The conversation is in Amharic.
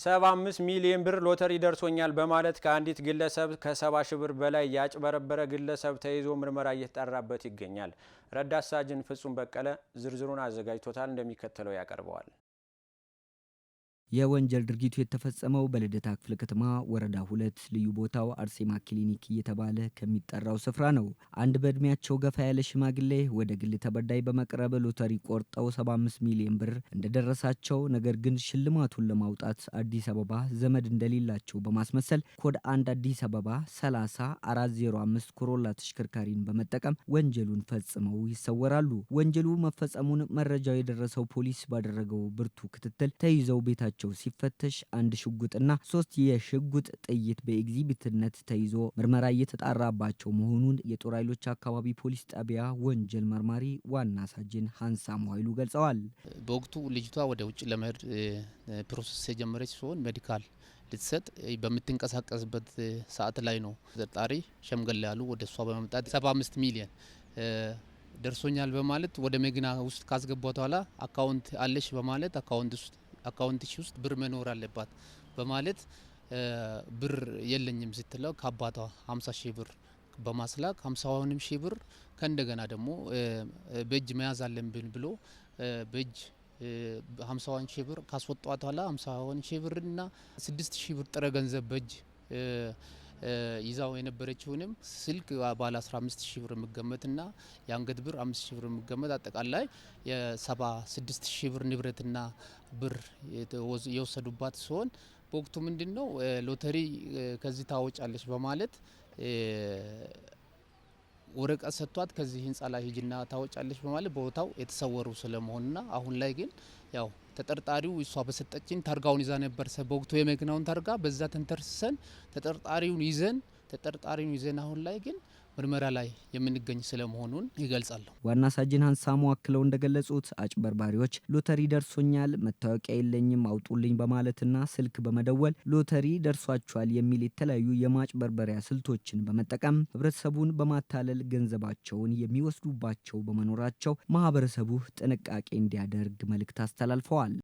75 ሚሊዮን ብር ሎተሪ ደርሶኛል በማለት ከአንዲት ግለሰብ ከ70 ሺህ ብር በላይ ያጭበረበረ ግለሰብ ተይዞ ምርመራ እየተጣራበት ይገኛል። ረዳት ሳጅን ፍጹም በቀለ ዝርዝሩን አዘጋጅቶታል፣ እንደሚከተለው ያቀርበዋል። የወንጀል ድርጊቱ የተፈጸመው በልደታ ክፍለ ከተማ ወረዳ ሁለት ልዩ ቦታው አርሴማ ክሊኒክ እየተባለ ከሚጠራው ስፍራ ነው። አንድ በእድሜያቸው ገፋ ያለ ሽማግሌ ወደ ግል ተበዳይ በመቅረብ ሎተሪ ቆርጠው 75 ሚሊዮን ብር እንደደረሳቸው፣ ነገር ግን ሽልማቱን ለማውጣት አዲስ አበባ ዘመድ እንደሌላቸው በማስመሰል ኮድ አንድ አዲስ አበባ 30405 ኮሮላ ተሽከርካሪን በመጠቀም ወንጀሉን ፈጽመው ይሰወራሉ። ወንጀሉ መፈጸሙን መረጃው የደረሰው ፖሊስ ባደረገው ብርቱ ክትትል ተይዘው ቤታቸው መያዛቸው ሲፈተሽ አንድ ሽጉጥና ሶስት የሽጉጥ ጥይት በኤግዚቢትነት ተይዞ ምርመራ እየተጣራባቸው መሆኑን የጦር ኃይሎች አካባቢ ፖሊስ ጣቢያ ወንጀል መርማሪ ዋና ሳጅን ሀንሳሙ ኃይሉ ገልጸዋል። በወቅቱ ልጅቷ ወደ ውጭ ለመሄድ ፕሮሰስ የጀመረች ሲሆን ሜዲካል ልትሰጥ በምትንቀሳቀስበት ሰዓት ላይ ነው ተጠርጣሪ ሸምገል ያሉ ወደ እሷ በመምጣት 75 ሚሊየን ደርሶኛል በማለት ወደ መኪና ውስጥ ካስገቧት በኋላ አካውንት አለሽ በማለት አካውንት ውስጥ አካውንትሽ ውስጥ ብር መኖር አለባት በማለት ብር የለኝም ስትለው ከአባቷ 50 ሺህ ብር በማስላክ 50 ሆንም ሺህ ብር ከእንደገና ደግሞ በእጅ መያዝ አለብን ብሎ በእጅ 50 ሺህ ብር ካስወጧት ኋላ 50 ሺህ ብርና 6 ሺህ ብር ጥረ ገንዘብ በእጅ ይዛው የነበረችውንም ስልክ ባለ 15 ሺህ ብር የምገመትና የአንገት ብር 5 ሺህ ብር የምገመት አጠቃላይ የ76 ሺህ ብር ንብረትና ብር የወሰዱባት ሲሆን በወቅቱ ምንድን ነው ሎተሪ ከዚህ ታወጫለች በማለት ወረቀት ሰጥቷት ከዚህ ህንጻ ላይ ሂጅና ታወጫለች በማለት ቦታው የተሰወሩ ስለመሆንና አሁን ላይ ግን ያው ተጠርጣሪው እሷ በሰጠችን ታርጋውን ይዛ ነበር በወቅቱ የመኪናውን ታርጋ በዛ ተንተርስሰን ተጠርጣሪውን ይዘን ተጠርጣሪን ይዘን አሁን ላይ ግን ምርመራ ላይ የምንገኝ ስለመሆኑን ይገልጻለሁ። ዋና ሳጅን ሀንሳሙ አክለው እንደገለጹት አጭበርባሪዎች ሎተሪ ደርሶኛል፣ መታወቂያ የለኝም አውጡልኝ በማለትና ስልክ በመደወል ሎተሪ ደርሷቸዋል የሚል የተለያዩ የማጭበርበሪያ ስልቶችን በመጠቀም ህብረተሰቡን በማታለል ገንዘባቸውን የሚወስዱባቸው በመኖራቸው ማህበረሰቡ ጥንቃቄ እንዲያደርግ መልእክት አስተላልፈዋል።